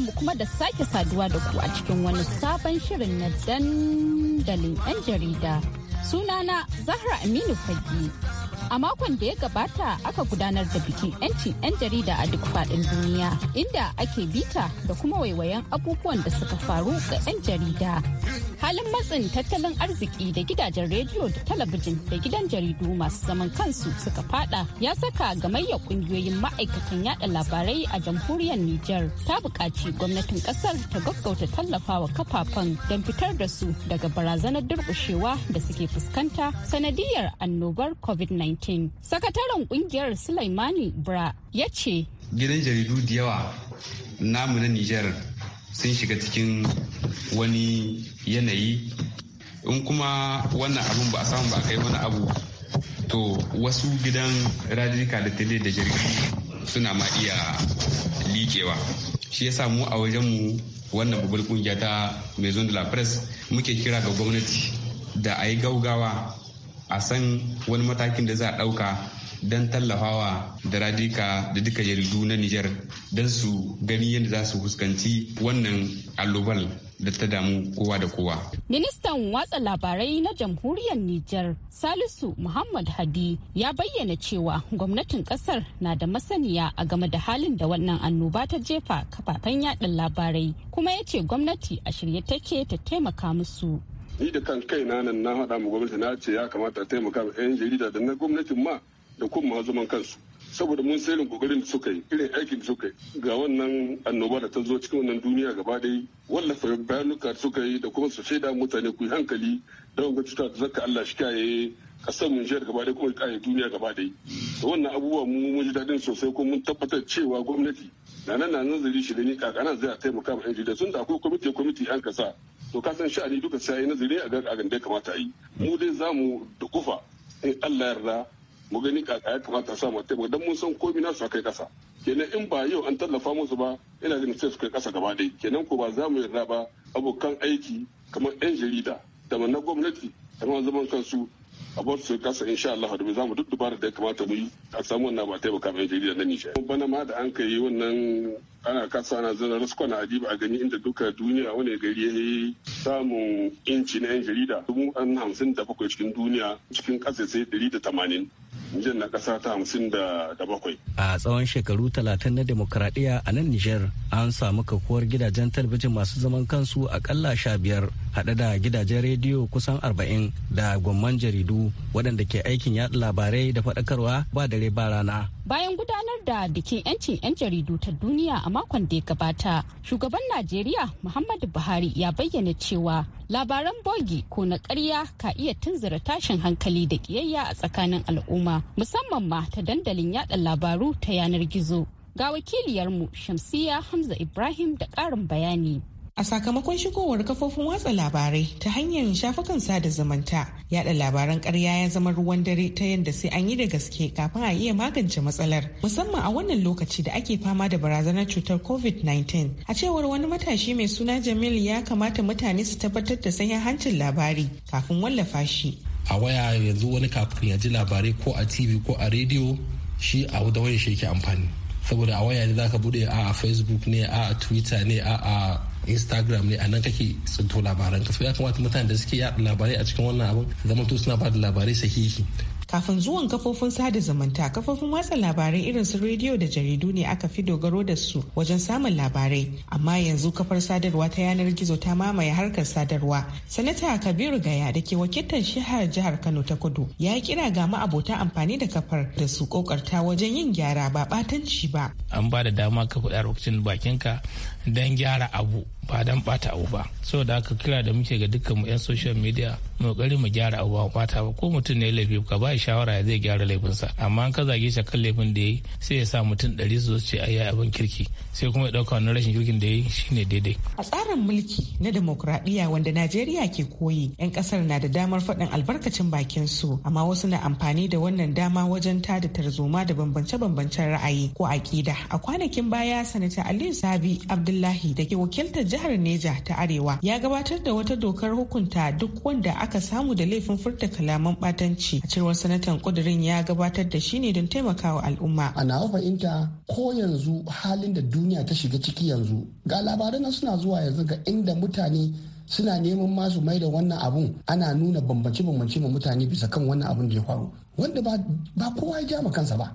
mu kuma da sake saduwa da ku a cikin wani sabon shirin na dandalin 'yan jarida sunana zahra aminu fagi a makon da ya gabata aka gudanar da bikin 'yancin 'yan jarida a duk faɗin duniya inda ake bita da kuma waiwayen abubuwan da suka faru ga 'yan jarida halin matsin tattalin arziki da gidajen rediyo da talabijin da gidan jaridu masu zaman kansu suka fada ya saka gamayyar kungiyoyin ma'aikatan yada labarai a jamhuriyar Nijar ta buƙaci gwamnatin ƙasar ta gaggauta tallafawa kafafen don fitar da su daga barazanar durƙushewa da suke fuskanta sanadiyar annobar COVID-19. Sakataren ƙungiyar Sulaimani Bra ya ce gidan jaridu da yawa namu na Nijar sun shiga cikin wani yanayi in kuma wannan abun ba a samu ba kai wani abu to wasu gidan radika da tele da jirgi suna ma iya likewa shi ya samu a wajenmu wannan babbar kungiya ta maison de la presse muke kira ga gwamnati da a yi gaugawa a san wani matakin da za a ɗauka don tallafawa da radika da duka yardu na Nijar don su gani yadda za su fuskanci wannan allobal da ta damu kowa da kowa. Ministan watsa labarai na jamhuriyar Nijar Salisu Muhammad Hadi ya bayyana cewa gwamnatin kasar na da masaniya a game da halin da wannan annoba ta jefa kafafen yaɗa labarai kuma ya ce gwamnati a shirye take ta taimaka musu. ni da kan kai na nan na haɗa mu gwamnati na ce ya kamata a taimaka ma 'yan jarida da na gwamnatin ma da kun ma zuman kansu saboda mun sairin kokarin da suka yi irin aikin da suka yi ga wannan annoba da ta zo cikin wannan duniya gaba ɗaya wallafa bayanuka da suka yi da kuma su shaida mutane ku yi hankali don ga cuta da zaka Allah shi kaye kasar mun jihar gaba ɗaya kuma kaye duniya gaba ɗaya da wannan abubuwa mu mun ji daɗin sosai kuma mun tabbatar cewa gwamnati na nan na nazari shi da ni kakana zai taimaka ma 'yan jarida sun da akwai kwamiti kwamiti an kasa to ka san sha'ani duka sai nazari a ga da kamata yi mu dai za mu da kufa in Allah yarda mu gani ka ya kamata sa mu taimaka dan mun san komi na su kai kasa kenan in ba yau an tallafa musu ba ina ganin sai su kai kasa gaba ɗaya kenan ko ba za mu yarda ba abokan aiki kamar yan jarida da na gwamnati da zaman kansu a bar su kasa insha Allah da za mu duk dubara da ya kamata mu yi a samu wannan ba taimaka mai jarida na Nijar. Bana ma da an kai wannan ana kasa na zara rasko na adiba a gani inda duka duniya wani gari ya yi samun inci na yan jarida dubu an hamsin da bakwai cikin duniya cikin kasa sai dari da tamanin jan na kasa ta hamsin da bakwai. A tsawon shekaru talatin na demokradiyya a nan niger an samu kakuwar gidajen talabijin masu zaman kansu akalla sha biyar haɗe da gidajen rediyo kusan arba'in da gwamman jaridu waɗanda ke aikin yaɗa labarai da faɗakarwa ba dare ba rana. bayan gudanar da bikin 'yancin 'yan jaridu ta duniya a makon da ya gabata shugaban najeriya muhammadu buhari ya bayyana cewa labaran bogi ko na karya ka iya tunzura tashin hankali da ƙiyayya a tsakanin al'umma musamman ma ta dandalin yada labaru ta yanar gizo ga wakiliyarmu shamsiya hamza ibrahim da ƙarin bayani a sakamakon shigowar kafofin watsa labarai ta hanyar shafukan sada zumunta yada labaran karya ya zama ruwan dare ta yadda sai an yi da gaske kafin a iya magance matsalar musamman a wannan lokaci da ake fama da barazanar cutar covid-19 a cewar wani matashi mai suna jamil ya kamata mutane su tabbatar da sanya hancin labari kafin wallafa shi a waya yanzu wani kafin ya ji labarai ko a tv ko a rediyo shi a da wayar shi yake amfani saboda a waya ne zaka bude a facebook ne a twitter ne a instagram ne a nan kake tsinto labaran ka ya kamata mutane da suke yada labarai a cikin wannan abin zamanto suna ba da labarai sahihi kafin zuwan kafofin sada zumunta kafofin watsa labarai irin su rediyo da jaridu ne aka fi dogaro da su wajen samun labarai amma yanzu kafar sadarwa ta yanar gizo ta mamaye harkar sadarwa sanata kabiru gaya da ke wakiltar shahar jihar kano ta kudu ya yi kira ga ma'abota amfani da kafar da su kokarta wajen yin gyara ba batanci ba an ba da dama ka faɗi lokacin bakinka don gyara abu ba don bata abu ba saboda aka kira da muke ga dukkan mu yan social media mu kokari mu gyara abu ba bata ba ko mutum ne laifi ka ba shawara zai gyara laifinsa amma an ka zage shi kan laifin da yayi sai ya sa mutum ɗari su ce ayi abin kirki sai kuma ya ɗauka wannan rashin kirkin da yayi shine daidai a tsarin mulki na demokradiyya wanda Najeriya ke koyi yan kasar na da damar faɗin albarkacin bakin su amma wasu na amfani da wannan dama wajen tada tarzoma da bambance-bambancen ra'ayi ko aƙida a kwanakin baya sanata Aliyu Sabi Abdul Abdullahi da ke wakiltar jihar Neja ta Arewa ya gabatar da wata dokar hukunta duk wanda aka samu da laifin furta kalaman batanci. A cewar sanatan kudirin ya gabatar da shi ne don taimakawa al'umma. A nawa fahimta ko yanzu halin da duniya ta shiga ciki yanzu ga labaran suna zuwa yanzu ga inda mutane suna neman masu mai da wannan abun ana nuna bambance-bambance ma mutane bisa kan wannan abun da ya faru wanda ba kowa ya ja kansa ba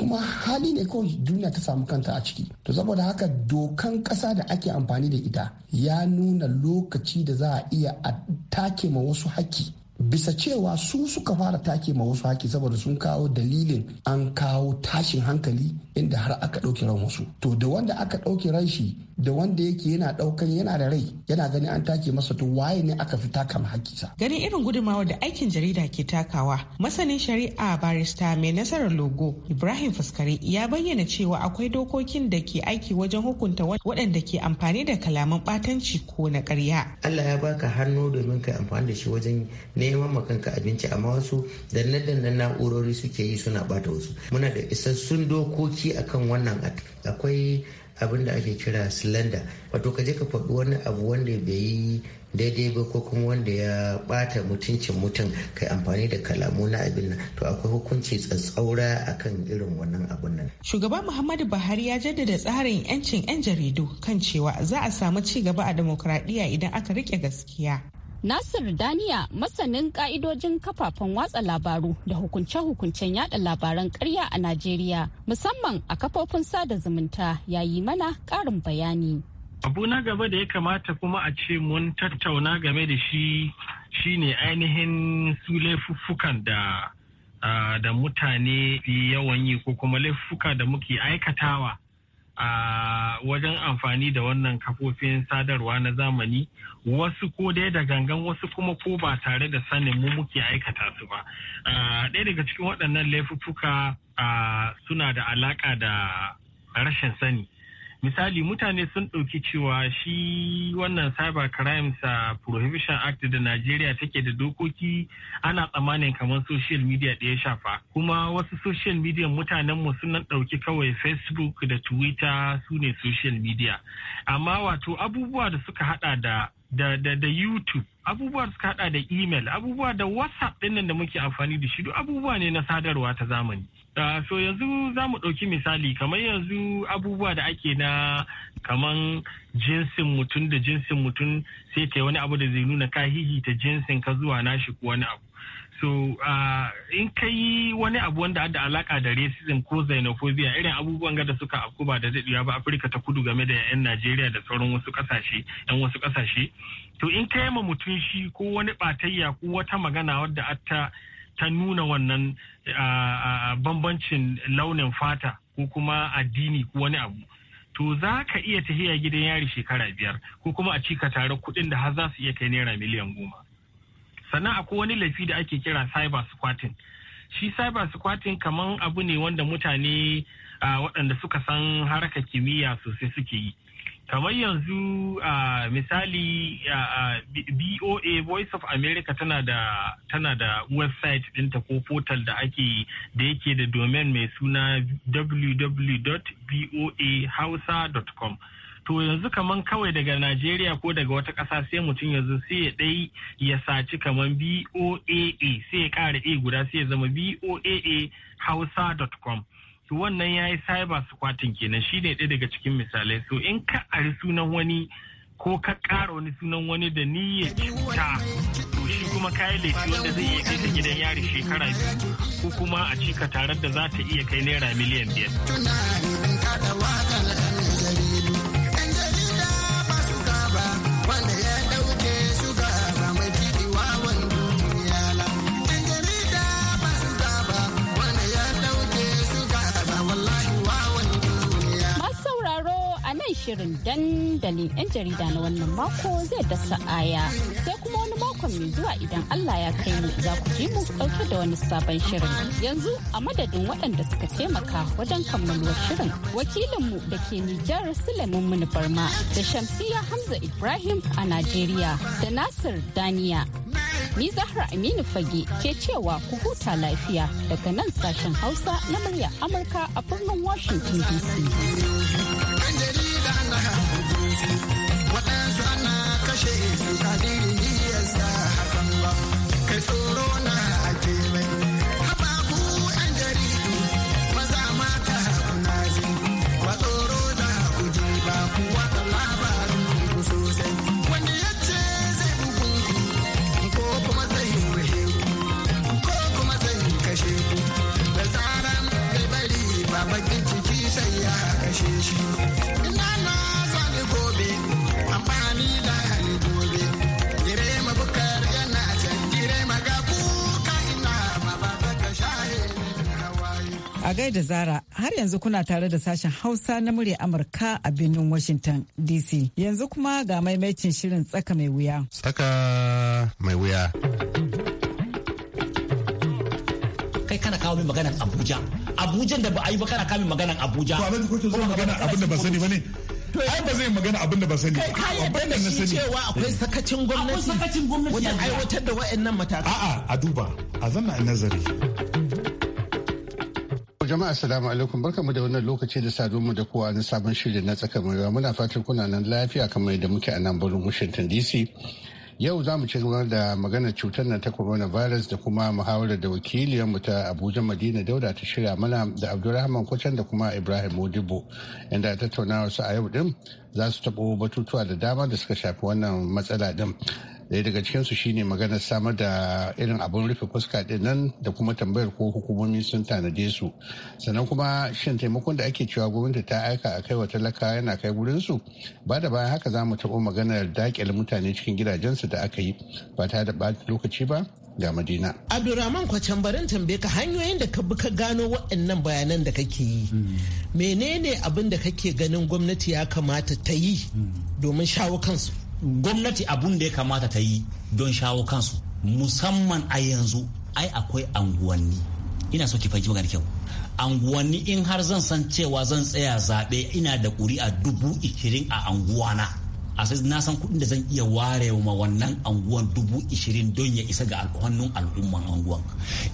kuma hali ne kawai duniya ta samu kanta a ciki to saboda haka dokan ƙasa da ake amfani da ita ya nuna lokaci da za a iya a take ma wasu haƙƙi bisa cewa su suka fara take ma wasu haƙi saboda sun kawo dalilin an kawo tashin hankali inda har aka ɗauki ran wasu to da wanda aka ɗauki ran shi da wanda yake yana ɗaukan yana da rai yana gani an take masa to waye ne aka fi taka ma haƙƙisa ganin irin gudunmawar da aikin jarida ke takawa masanin shari'a barista mai nasarar logo ibrahim faskare ya bayyana cewa akwai dokokin da ke aiki wajen hukunta waɗanda ke amfani da kalaman ɓatanci ko na ƙarya allah ya baka hannu domin ka amfani da shi wajen ne neman ma kanka abinci amma wasu danne danne na'urori suke yi suna bata wasu muna da isassun dokoki akan wannan akwai abin da ake kira slender wato ka je ka faɗi wani abu wanda bai yi daidai ba ko kuma wanda ya bata mutuncin mutum kai amfani da kalamu na abin nan to akwai hukunci tsatsaura akan irin wannan abun nan shugaba muhammadu buhari ya jaddada tsarin yancin yan jaridu kan cewa za a samu ci gaba a demokradiyya idan aka rike gaskiya Nasir Daniya masanin ka'idojin kafafen watsa labaru da hukunce-hukuncen yada labaran karya a Najeriya musamman a kafofin sada zumunta ya yi mana ƙarin bayani. Abu na gaba da ya kamata kuma a ce mun tattauna game da shi shine ainihin su laifuffukan da ah, da mutane yawan yi ko kuma laifuka da muke aikatawa a wajen amfani da wannan kafofin sadarwa na zamani wasu ko dai da gangan wasu kuma ko ba tare da sanin mu muke aikata su ba ɗaya daga cikin waɗannan laifuka suna da alaƙa da rashin sani misali mutane sun ɗauki cewa shi wannan cyber crimes prohibition act da najeriya take da dokoki ana tsammanin kamar social media ɗaya shafa kuma wasu social media mu suna ɗauki kawai facebook da twitter su ne social media amma wato abubuwa da suka hada da da, da, da YouTube, abubuwa suka hada da email, abubuwa da WhatsApp ɗin da muke amfani da shi, abubuwa ne na sadarwa ta zamani. Uh, so yanzu za mu ɗauki misali kamar yanzu abubuwa da ake na kamar jinsin mutum da jinsin mutum sai ta wani abu da zai nuna ka hihita jinsin ka zuwa nashi ko wani abu so uh, in ka yi wani abu wanda da alaka da racism ko xenophobia irin abubuwan da suka afku ba da daɗewa ba afirka ta kudu game da 'yan najeriya da sauran wasu kasashe 'yan wasu kasashe to in ka yi ma mutum shi ko wani batayya ko wata magana wadda ta ta nuna wannan bambancin launin fata ko kuma addini ko wani abu to za ka iya tafiya gidan yari shekara biyar ko kuma a cika tare kuɗin da har za su iya kai naira miliyan goma sannan akwai wani laifi da ake kira cyber squatting shi cyber squatting kaman abu ne wanda mutane waɗanda suka san haraka kimiyya sosai suke yi kamar yanzu a misali BOA Voice of America tana da tana da website ɗinta ko portal da ake da yake da domain mai suna www.boahausa.com to yanzu kamar kawai daga Najeriya ko daga wata ƙasa sai mutum yanzu sai ya ɗai ya saci kaman BOAA sai ya ƙara A guda sai ya zama BOAA Hausa.com. to wannan ya yi cyber squatting kenan shi ne ɗaya daga cikin misalai so in ka ari sunan wani ko ka kara wani sunan wani da ni ya cuta to shi kuma kayi laifi wanda zai iya kai gidan yari shekara biyu ko kuma a cika tarar da za ta iya kai naira miliyan biyar. shirin dandalin 'yan jarida na wannan mako zai dasa aya sai kuma wani mako mai zuwa idan Allah ya kai mu za ku ji mu ɗauke da wani sabon shirin yanzu a madadin waɗanda suka taimaka wajen kammaluwar shirin wakilinmu da ke Nijar Suleiman Muni Barma da Shamsiya Hamza Ibrahim a Najeriya da Nasir Daniya Ni Zahra Aminu Fage ke cewa ku huta lafiya daga nan sashen Hausa na murya Amurka a birnin Washington DC. waɗansu ana kashe su kadiri yasa hakan ba kai tsoro na gaida Zara har yanzu kuna tare da sashen Hausa na murya Amurka a birnin Washington DC. Yanzu kuma ga maimacin shirin tsaka mai wuya. Tsaka mai wuya. Kai kana kawo min maganan Abuja. Abujan da ba a yi ba kana kawo min maganan Abuja. ba abin kuke zuwa magana abinda da ba sani ba ne. ai ba zai magana abinda da ba sani ba kai yadda da shi cewa akwai eh. sakacin gwamnati akwai sakacin gwamnati wajen aiwatar da wa'annan matakai a'a a duba a zanna nazari Jama'a assalamu alaikum barkamu da wannan lokaci da saduwa da kowa na sabon shirin na tsakar murya muna fatan kuna nan lafiya kamar yadda muke a nan birnin Washington DC. Yau za mu ci gaba da maganar cutar nan ta coronavirus da kuma muhawarar da wakiliyarmu ta Abuja Madina Dauda ta shirya mana da Abdulrahman Kwacan da kuma Ibrahim Modibo inda tattaunawar su a yau din za su taɓo batutuwa da dama da suka shafi wannan matsala din. daya daga cikinsu shine magana samar da irin abun rufe fuska din nan da kuma tambayar ko hukumomi sun tanade su sannan kuma shin taimakon da ake cewa gwamnati ta aika a kai wa talaka yana kai gurinsu ba da bayan haka za mu taɓo maganar dakile mutane cikin gidajensu da aka yi ba ta da lokaci ba ga madina abdurrahman kwacan barin tambaye ka hanyoyin da ka bi ka gano waɗannan bayanan da kake yi hmm. menene abin da kake ganin gwamnati ya kamata ta yi hmm. domin shawo kansu gwamnati abun da ya kamata ta yi don shawo kansu musamman a yanzu ai akwai anguwanni ina so ki fahimci magana kyau anguwanni in har zan san cewa zan tsaya zaɓe ina da a dubu ishirin a anguwana a sai na san kuɗin da zan iya ware ma wannan anguwan dubu ishirin don ya isa ga hannun al'umman anguwan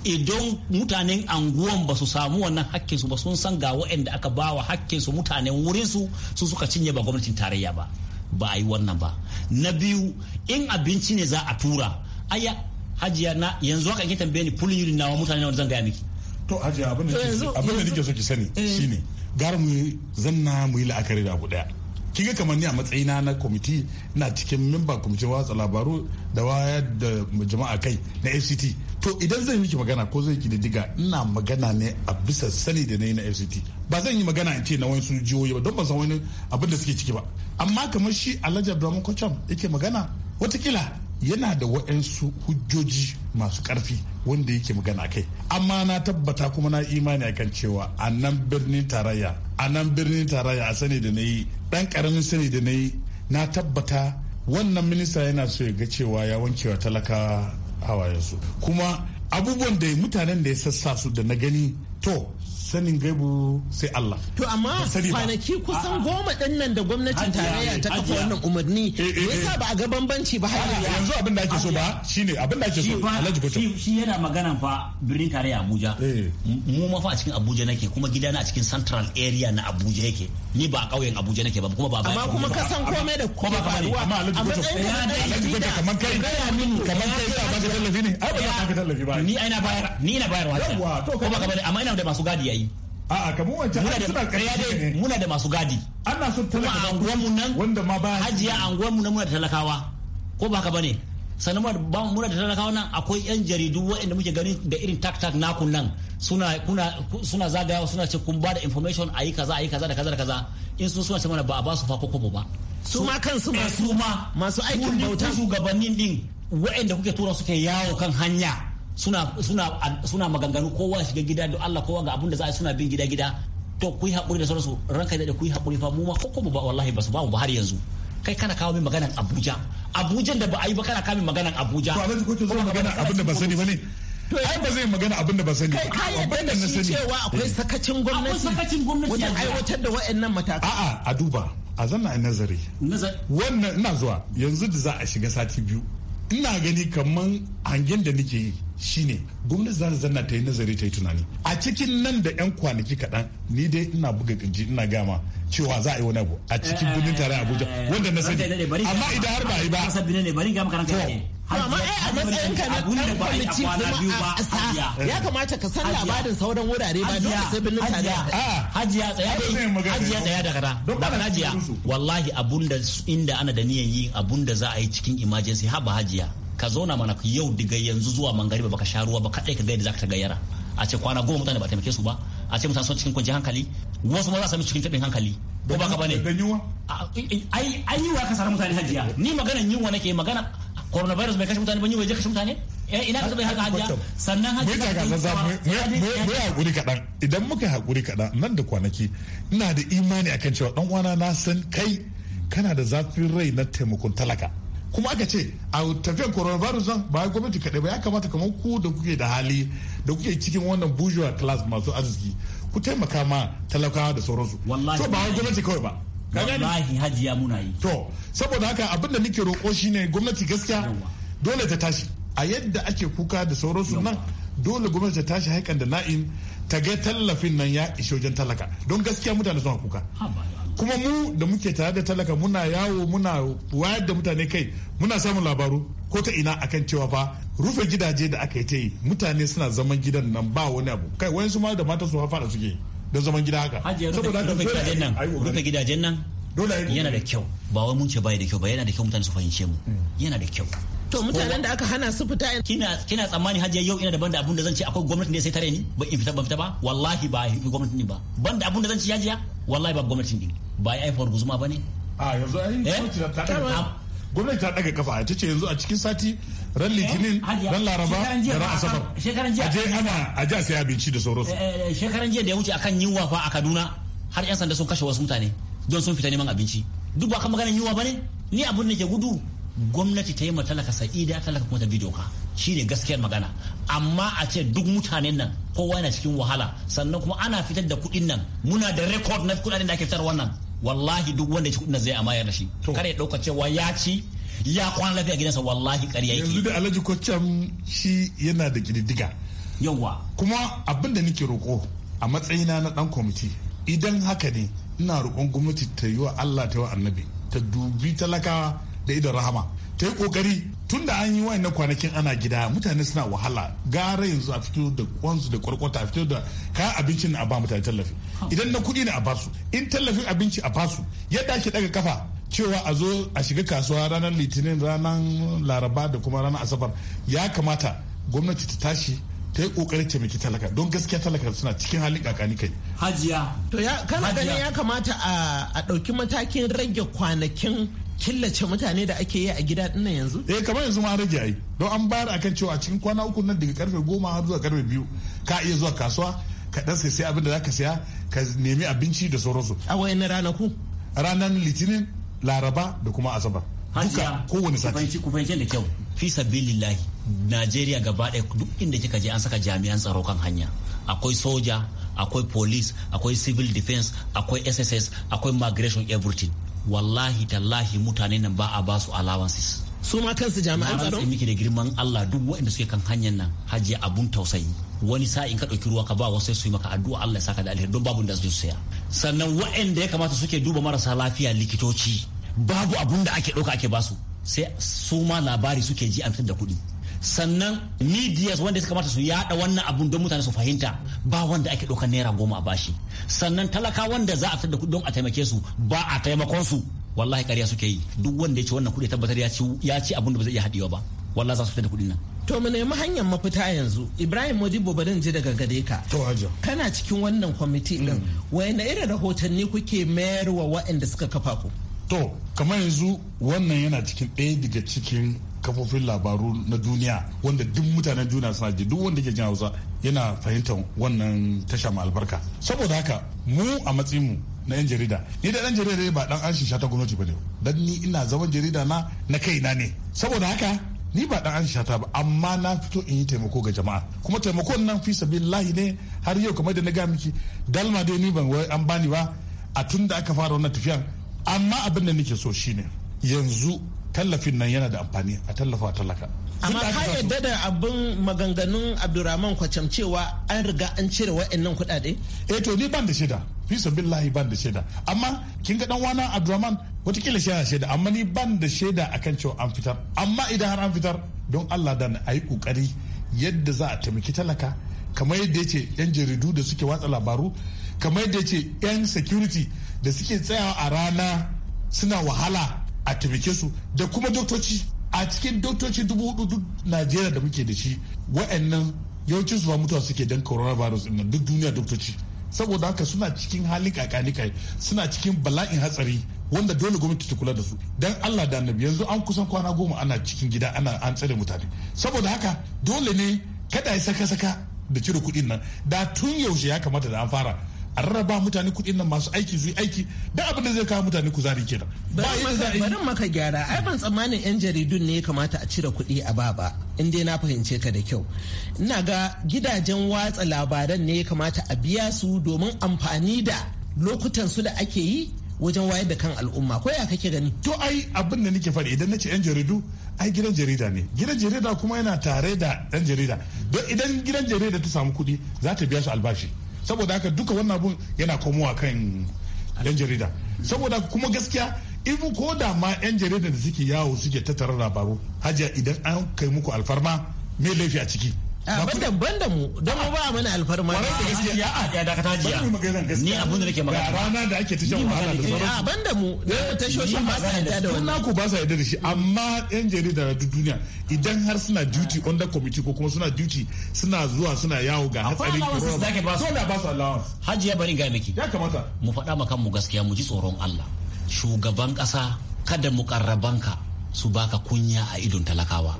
idan mutanen anguwan ba su samu wannan hakkin su ba sun san ga wa'anda aka bawa hakkin su mutanen wurin su su suka cinye ba gwamnatin tarayya ba ba a yi wannan ba na biyu in abinci ne za a tura aya hajiya na yanzu haka ke tambaye ni fulin yuri nawa mutane nawa zan gaya miki to hajiya abin da so ki sani eh. shine gara mu zanna mu yi la'akari da abu daya kinga kamar ni a matsayina na kwamiti na cikin memba kwamitin watsa labaru da wayar da jama'a kai na fct to idan zan miki magana ko zan ki diga ina magana ne a bisa sani da na yi na fct ba zan yi magana in ce na wani jiwo ba don ban san wani abin da suke ciki ba amma kamar shi alhaji abdulrahman kwacham yake magana watakila yana da waɗansu hujjoji masu ƙarfi wanda yake magana kai amma na tabbata kuma na imani kan cewa a nan birnin tarayya a nan birnin tarayya a sani da na yi ɗan ƙaramin sani da na yi na tabbata wannan minista yana so ya ga cewa ya wanke wa talakawa hawayensu kuma abubuwan da mutanen da ya sassa su da na gani to sanin gaibu sai Allah. To amma kwanaki kusan goma din nan da gwamnatin tarayya ta kafa wannan umarni eh, eh, me yasa eh. ba a ga bambanci ba har yanzu abin da ake so ba shine abin da ake so Alhaji Goto. Shi yana magana fa birnin tarayya Abuja. Mu ma fa a cikin Abuja nake kuma gidana a cikin central area na Abuja yake. Ni ba a ƙauyen Abuja nake ba kuma ba Amma kuma ka san komai da komai faruwa. Amma Alhaji Goto. Alhaji Goto kaman kai kaman kai ka ba ka tallafi ne. Ai ba za ka tallafi ba. Ni ai na bayar ni na wa. Yawwa to ka ba ka bane amma ina da masu gadi yi a kamar wancan ai suna ƙarya ne muna da masu gadi ana son talaka kuma a nan wanda ma ba hajiya anguwar mu nan muna da talakawa ko ba ka ne? sannan muna da talakawa nan akwai yan jaridu waɗanda muke gani da irin tak tak naku nan suna kuna suna zagayawa suna ce kun ba da information a yi kaza a yi kaza da kaza da kaza in sun suna ce mana ba a ba su fa ko ba su ma kansu eh, masu ma masu aikin bauta gabanin din waɗanda kuke tura suke yawo kan hanya suna suna suna maganganu kowa shiga gida don Allah kowa ga abin da za a suna bin gida gida to ku yi hakuri da sauransu ranka da ku yi hakuri fa mu ma ko ba wallahi ba su ba mu ba har yanzu kai kana kawo min maganan Abuja Abuja da ba a yi ba kana kawo min maganan Abuja to da kuke zo magana abin da ba sani bane ai ba zai magana abin da ba sani kai kai da da sani cewa akwai eh. sakacin gwamnati akwai sakacin gwamnati wajen aiwatar da wa'annan matakai a'a a duba a zanna a nazari wannan ina zuwa yanzu da za a shiga sati biyu ina gani kaman hangen da nake yi shine gwamnati za ta zanna ta yi nazari ta yi tunani a cikin nan da yan kwanaki kaɗan ni dai ina buga kirji ina gama cewa za a yi wani abu a cikin birnin eh, tare abuja wanda na sani amma idan har ba a yi ba amma eh, a matsayin ka na kuma a ƙasa ya kamata ka san labarin sauran wurare ba dole sai birnin tarayya hajiya tsaya ah. da hajiya tsaya da kada daga hajiya wallahi abunda inda ana da niyan yi abunda za a yi cikin emergency haba hajiya ka zauna mana yau diga yanzu zuwa mangariba baka sha ruwa ba kadai ka ga yadda zaka ta gayyara a ce kwana goma mutane ba taimake su ba a ce mutane sun cikin kwanci hankali wasu ma za su cikin taɓin hankali ko ba ka bane ai ai yiwa ka sarar mutane hajiya ni magana yiwa nake magana coronavirus bai kashe mutane ba yiwa ya kashe mutane eh, ina ka bai haka hajiya sannan hajiya ka ga za mu yi hakuri idan muka hakuri kadan nan da kwanaki ina da imani akan cewa dan uwana na san kai kana da zafin rai na taimakon talaka kuma aka ce a tafiyar coronavirus nan ba gwamnati kaɗai ba ya kamata kamar ku da kuke da hali da kuke cikin wannan bourgeois class masu arziki ku taimaka ma talakawa da sauransu to ba gwamnati kawai ba wallahi hajiya muna yi to saboda haka abin da nake roƙo shine gwamnati gaskiya dole ta tashi a yadda ake kuka da sauransu nan dole gwamnati ta tashi haikan da na'in ta ga tallafin nan ya ishe wajen talaka don gaskiya mutane suna kuka kuma mu da muke tare da talaka muna yawo muna wayar da mutane kai muna samun labaru ko ta ina akan cewa fa rufe gidaje da aka yi ta yi mutane suna zaman gidan nan ba wani abu kai wani su ma da mata su hafa da suke da zaman gida haka saboda rufe gidajen nan rufe gidajen nan yana da kyau ba wai mun ce bai da kyau ba yana da kyau mutane su fahimce mu mm. yana da kyau to mutanen da aka hana su fita kina kina tsammani hajiya yau ina daban da abun da zan ce akwai gwamnati ne sai tare ni ba in fita ba fita ba wallahi ba gwamnati ne ba banda abun da zan ce hajiya wallahi ba gwamnati ne ba ai aifar guzuma ba ne a yanzu ai eh? gwamnati ta daga kafa ta ce yanzu a cikin sati ran eh, litinin ran laraba da ran asabar shekaran jiya aje ana aje a sai abinci da sauransu eh, shekaran jiya da ya wuce akan yunwa fa a kaduna har yan sanda sun kashe wasu mutane don sun fita neman abinci duk ba kan maganar yunwa ba ne ni abun da ke gudu gwamnati ta yi ma talaka da talaka kuma ta doka shi ne gaskiyar magana amma a ce duk mutanen nan kowa yana cikin wahala sannan kuma ana fitar da kuɗin nan muna da rekod na kuɗaɗen da ake fitar wannan wallahi duk wanda ya ci kuɗin zai amayar da shi kada ya ɗauka cewa ya ci ya kwana lafiya gidansa wallahi ƙarya yake yanzu da alhaji cam shi yana da ƙididdiga yawa kuma abin da nake roƙo a matsayina na ɗan kwamiti idan haka ne ina roƙon gwamnati ta yi wa Allah ta yi wa annabi ta dubi talakawa da idan rahama ta yi kokari tun da an yi wayan na kwanakin ana gida mutane suna wahala gara yanzu a fito da kwansu da kwarkwata a fito da kayan abincin a ba mutane tallafi idan na kudi ne a basu in tallafin abinci a basu yadda ake daga kafa cewa a zo a shiga kasuwa ranar litinin ranar laraba da kuma ranar asabar ya kamata gwamnati ta tashi ta yi kokari ta miki talaka don gaskiya talaka suna cikin halin kakani kai hajiya to ya kana ganin ya kamata a ɗauki matakin rage kwanakin killace mutane da ake yi a gida dinnan yanzu? Eh kamar yanzu ma rage ai don an bayar akan cewa cikin kwana uku nan daga karfe goma har zuwa karfe biyu ka iya zuwa kasuwa ka dan sai abin da zaka siya ka nemi abinci da sauransu. A wayannan ranaku? Ranar Litinin, Laraba da kuma Asabar. Duka kowane sati. Ku fahimci da kyau. Fi sabilillahi Najeriya gaba ɗaya duk inda kika je an saka jami'an tsaro kan hanya. Akwai soja, akwai police, akwai civil defense, akwai SSS, akwai migration everything. wallahi tallahi mutane nan ba a ba su allowances su ma kansu jami'an tsaro na miki da girman Allah duk waɗanda suke kan hanyar nan hajiya abun tausayi wani sa'in ka ɗauki ruwa ka ba wasu su yi maka addu'a Allah ya saka da alheri don babu da su saya sannan waɗanda ya kamata suke duba marasa lafiya likitoci babu abun da ake ɗauka ake basu sai su ma labari suke ji an da kuɗi sannan media wanda suka kamata su yada wannan abun don mutane su fahimta ba wanda ake ɗaukar naira goma a bashi sannan talaka wanda za a fitar da kuɗi don a taimake su ba a taimakon su wallahi ƙarya suke yi duk wanda ya ci wannan kuɗi tabbatar ya ci ya ci abun da ba zai iya haɗewa ba wallahi za su fitar da kuɗin nan To mu nemi hanyar mafita yanzu. Ibrahim Modibo barin ji daga gare ka. To Kana cikin wannan kwamiti din. Mm. Wayanne irin rahotanni kuke mayarwa wa'anda suka kafa ku? To kamar yanzu wannan yana cikin ɗaya daga cikin kafofin labaru na duniya wanda duk mutanen duniya suna ji duk wanda ke jin hausa yana fahimtar wannan tasha mai albarka saboda haka mu a mu na yan jarida ni da dan jarida ne ba dan an shisha ta gwamnati bane dan ni ina zaman jarida na na kai na ne saboda haka ni ba dan an shata ba amma na fito in yi taimako ga jama'a kuma taimakon nan fi sabilillahi ne har yau kamar da na ga miki dalma dai ni ban wai an bani ba a tun da aka fara wannan tafiyan amma abin da nake so shine yanzu tallafin nan yana da amfani a tallafa talaka amma ka yadda da abin maganganun abdurrahman Kwacham cewa an riga an cire wa'annan kuɗaɗe eh to ni ban da shaida fi billahi ban da shaida amma kin ga dan wana abdurrahman watakila shi shaida amma ni ban da shaida akan cewa an fitar amma idan har an fitar don allah da a yi kokari yadda za a taimaki talaka kamar yadda ya ce yan jaridu da suke watsa labaru kamar yadda ya ce yan security da suke tsayawa a rana suna wahala a taimake su da kuma doktoci a cikin doktoci dubu hudu duk najeriya da muke da shi wa'annan yawancin su ba mutuwa suke don coronavirus din nan duk duniya doktoci saboda haka suna cikin hali kakanikai suna cikin bala'in hatsari wanda dole gwamnati ta kula da su dan Allah da annabi yanzu an kusan kwana goma ana cikin gida ana an tsare mutane saboda haka dole ne kada ya saka saka da cire kuɗin nan da tun yaushe ya kamata da an fara a rarraba mutane kuɗin nan masu aiki su aiki da abin da zai kawo mutane kuzari kenan ba bari maka gyara ai ban tsammanin yan jaridun ne ya kamata a cire kuɗi a ba in dai na fahimce ka da kyau ina ga gidajen watsa labaran ne ya kamata a biya su domin amfani da lokutan su da ake yi wajen wayar da kan al'umma ko ya kake gani to ai abin da nake faɗi idan ce yan jaridu ai gidan jarida ne gidan jarida kuma yana tare da yan jarida don idan gidan jarida ta samu kuɗi za ta biya su albashi saboda haka duka wannan abun yana komowa kan yan jarida saboda kuma gaskiya ibu ko da ma yan jarida da suke yawo suke tattara labaru hajiya idan an kai muku alfarma me laifi a ciki Ah, banda banda mu don mu ba mana alfarma ne gaskiya a ya dakata jiya ni abun da nake magana rana da ake tashin wahala da sauran a ah, banda mu eh, da tashoshin ba sa yadda da wannan ku ba sa yadda da shi amma yan jarida na duniya idan har suna duty on the committee ko kuma suna duty suna zuwa suna yawo ga hatsarin corona ba ba su ba su allowance hajiya bari ga miki ya kamata mu faɗa maka mu gaskiya mu ji tsoron Allah shugaban ƙasa kada mukarrabanka su baka kunya a idon talakawa.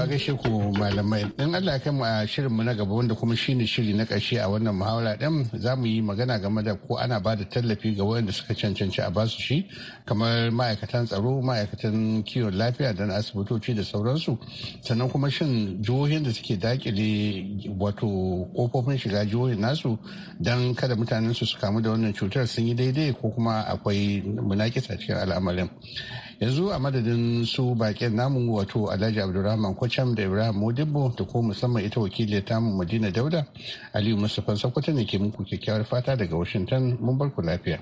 a gaishe ku malamai. Dan Allah ya mu a shirin mu na gaba wanda kuma shine shiri na ƙarshe a wannan muhawara din za mu yi magana game da ko ana ba da tallafi ga waɗanda suka cancanci a basu shi kamar ma'aikatan tsaro, ma'aikatan kiwon lafiya da asibitoci da sauransu. Sannan kuma shin jihohin da suke dakile wato kofofin shiga jihohin nasu dan kada mutanen su su kamu da wannan cutar sun yi daidai ko kuma akwai munakisa cikin al'amarin. yanzu a madadin su bakin namu wato alhaji abdulrahman kwacham da ibrahim modibbo da ko musamman ita wakili wakiliyar tamu madina dauda aliyu mustapha sokoto ne ke muku kyakkyawar fata daga washington mun bar ku lafiya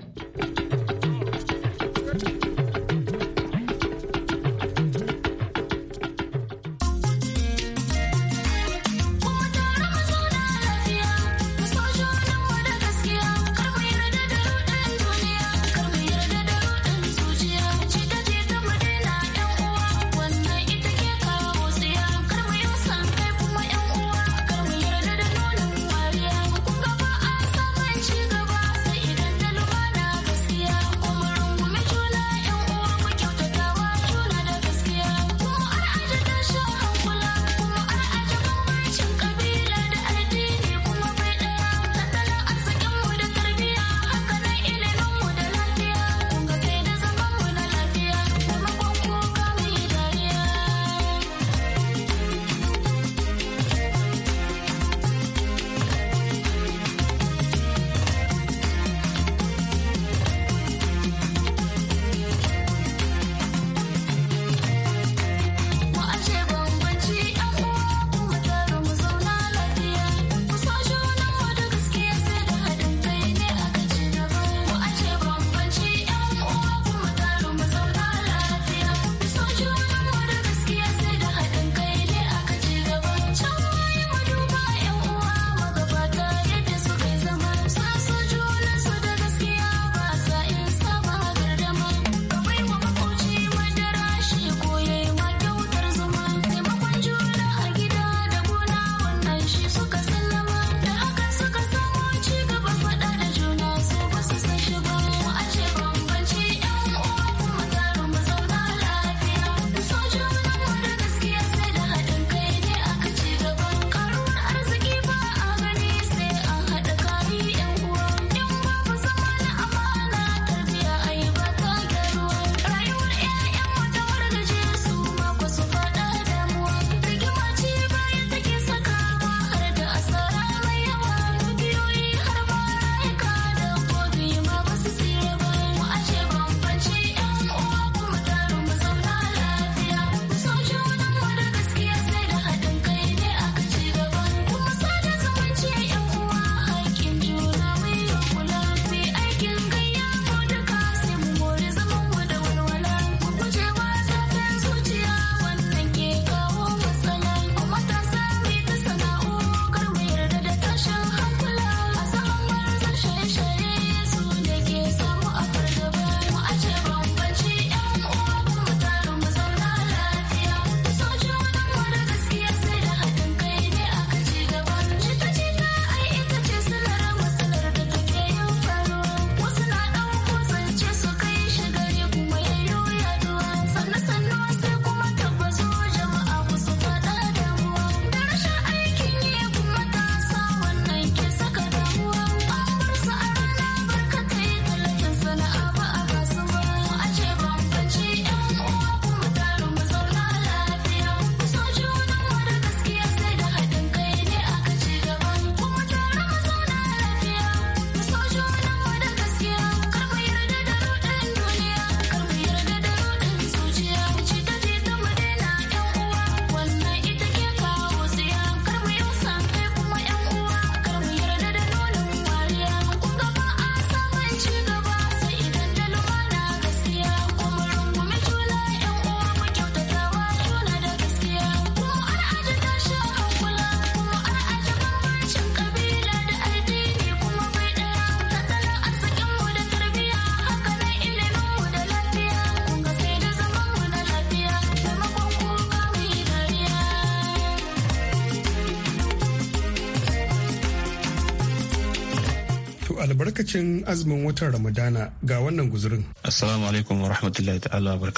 albarkacin azumin watan Ramadana ga wannan guzurin. Assalamu alaikum wa rahmatullahi ta'ala wa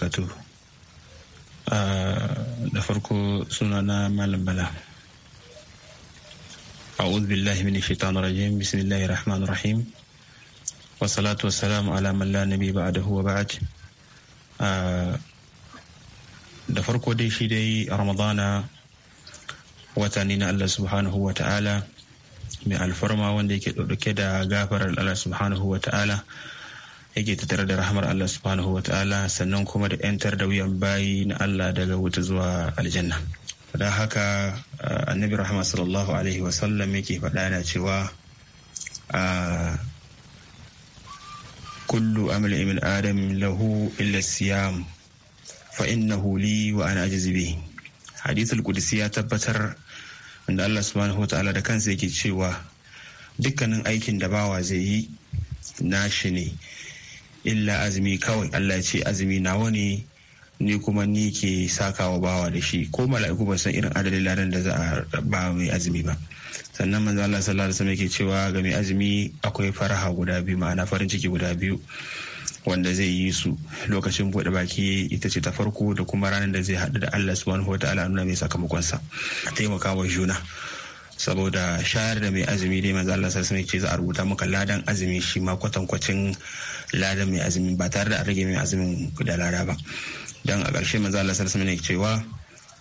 ah, da farko suna na Malam Bala. أعوذ بالله من الشيطان الرجيم بسم الله الرحمن الرحيم والصلاة ala على من لا نبي بعده وبعد da farko dai shi dai ramadana wata ne na Allah subhanahu wa ta'ala mai alfarma wanda yake ɗauke da gafarar Allah subhanahu wa ta'ala yake tattare da rahamar Allah subhanahu wa ta'ala sannan kuma da 'yantar da wuyan bayi na Allah daga wuta zuwa aljanna. Da haka uh, annabi rahama sallallahu alaihi wasallam yake faɗa na cewa uh, kullu amal min adam lahu illa siyam fa innahu li wa ana ajzi bihi. Hadithul Qudsi ya tabbatar wanda Allah subhanahu wa da kansa yake cewa dukkanin aikin da bawa zai yi nashi ne illa azumi kawai Allah ya ce azumi nawa ne ni kuma ni ke sakawa bawa da shi ko mala'iku ba san irin adadin ladan da za a ba mai azumi ba sannan manzo Allah sallallahu alaihi wasallam yake cewa ga mai azumi akwai faraha guda biyu ma'ana farin ciki guda biyu wanda zai yi su lokacin buɗe baki ita ce ta farko da kuma ranar da zai haɗu da Allah subhanahu wataala nuna mai sakamakonsa a taimaka wa juna saboda shayar da mai azumi dai manzo Allah sai ce za a rubuta maka ladan azumi shi ma kwatankwacin ladan mai azumi ba tare da a rage mai azumin da lada ba dan a ƙarshe manzo Allah sai ne cewa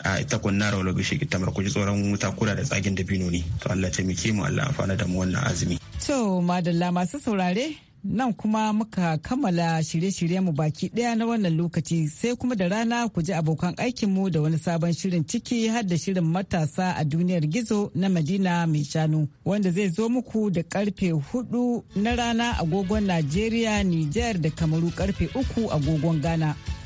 a ita kunna rawlo bishi tamar ku ji tsoron wuta kura da tsagin dabino ne to Allah taimake mu Allah amfana da mu wannan azumi to madalla masu saurare Nan kuma muka kammala shirye-shiryenmu baki ɗaya na wannan lokaci sai kuma da rana ku ji abokan aikinmu da wani sabon shirin ciki har da shirin matasa a duniyar gizo na Madina mai shanu wanda zai zo muku da karfe hudu na rana agogon Najeriya, Nijar da Kamaru karfe uku agogon Ghana.